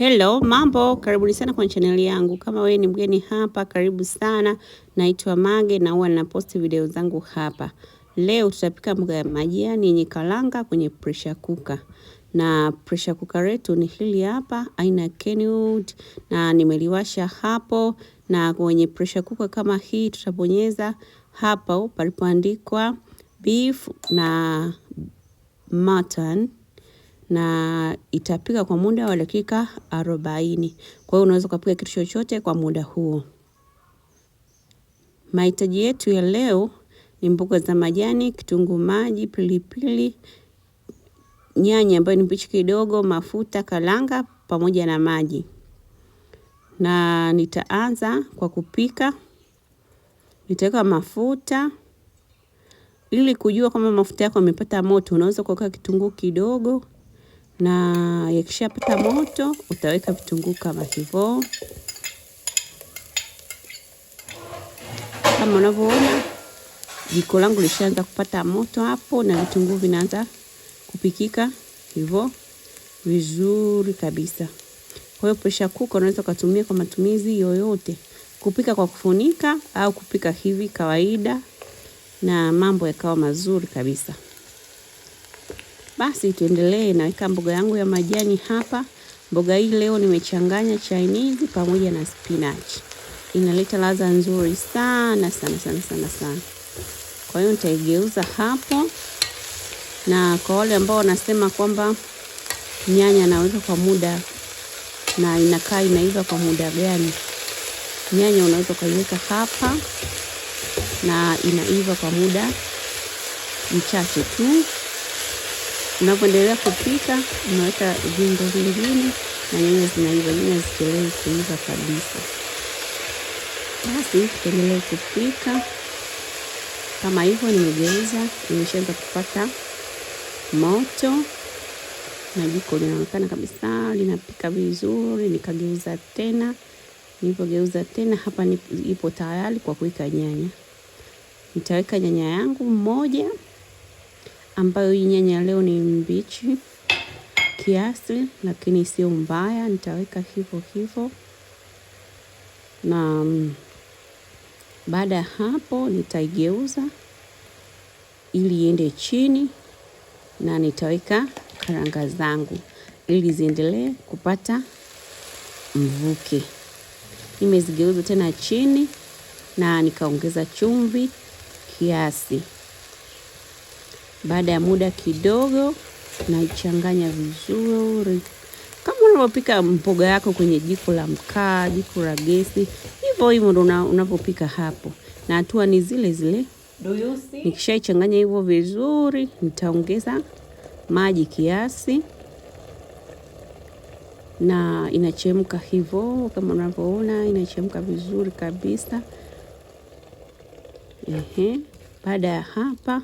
Hello, mambo, karibuni sana kwenye chaneli yangu. Kama wewe ni mgeni hapa, karibu sana. Naitwa Mage na huwa ninaposti video zangu hapa. Leo tutapika mboga ya majani yenye kalanga kwenye pressure cooker. Na pressure cooker letu ni hili hapa aina ya Kenwood na nimeliwasha hapo, na kwenye pressure cooker kama hii tutabonyeza hapo palipoandikwa beef na mutton na itapika kwa muda wa dakika arobaini. Kwa hiyo unaweza ukapika kitu chochote kwa muda huo. Mahitaji yetu ya leo ni mboga za majani, kitunguu maji, pilipili, nyanya ambayo ni mbichi kidogo, mafuta, karanga pamoja na maji. Na nitaanza kwa kupika. Nitaweka mafuta ili kujua kama mafuta yako yamepata moto, unaweza kuweka kitunguu kidogo na yakishapata moto utaweka vitunguu kama hivyo, kama unavyoona jiko langu lishaanza kupata moto hapo, na vitunguu vinaanza kupikika hivyo vizuri kabisa. Kwa hiyo pressure cooker unaweza ukatumia kwa matumizi yoyote, kupika kwa kufunika au kupika hivi kawaida, na mambo yakawa mazuri kabisa. Basi tuendelee, naweka mboga yangu ya majani hapa. Mboga hii leo nimechanganya Chinese pamoja na spinach inaleta ladha nzuri sana sana sana sana sana. Kwa hiyo nitaigeuza hapo, na kwa wale ambao wanasema kwamba nyanya naweza kwa muda na inakaa inaiva kwa muda gani, nyanya unaweza ukaiweka hapa na inaiva kwa muda mchache tu. Unapoendelea kupika, unaweka viungo vingine na nyanya zinaiva, nyanya zichelewe kuiva kabisa. Basi tuendelee kupika kama hivyo. Nimegeuza, imeshaanza kupata moto na jiko linaonekana kabisa linapika vizuri. Nikageuza tena, nilipogeuza tena hapa ipo tayari kwa kuweka nyanya. Nitaweka nyanya yangu moja ambayo hii nyanya leo ni mbichi kiasi, lakini sio mbaya. Nitaweka hivyo hivyo, na mm, baada ya hapo nitaigeuza ili iende chini, na nitaweka karanga zangu ili ziendelee kupata mvuke. Nimezigeuza tena chini na nikaongeza chumvi kiasi. Baada ya muda kidogo, naichanganya vizuri kama unavyopika mboga yako kwenye jiko la mkaa, jiko la gesi, hivyo hivyo ndo unavyopika hapo, na hatua ni zile zile. Nikishaichanganya hivyo vizuri, nitaongeza maji kiasi na inachemka hivyo kama unavyoona, inachemka vizuri kabisa. Ehe, baada ya hapa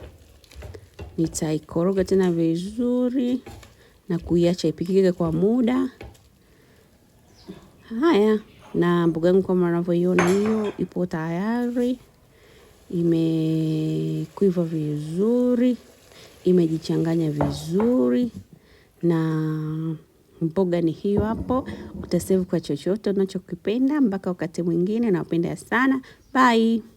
nitaikoroga tena vizuri na kuiacha ipikike kwa muda. Haya, na mboga yangu kama unavyoiona hiyo ipo tayari, imekuiva vizuri, imejichanganya vizuri na mboga ni hiyo hapo. Utasevu kwa chochote unachokipenda. Mpaka wakati mwingine, nawapenda sana. Bye.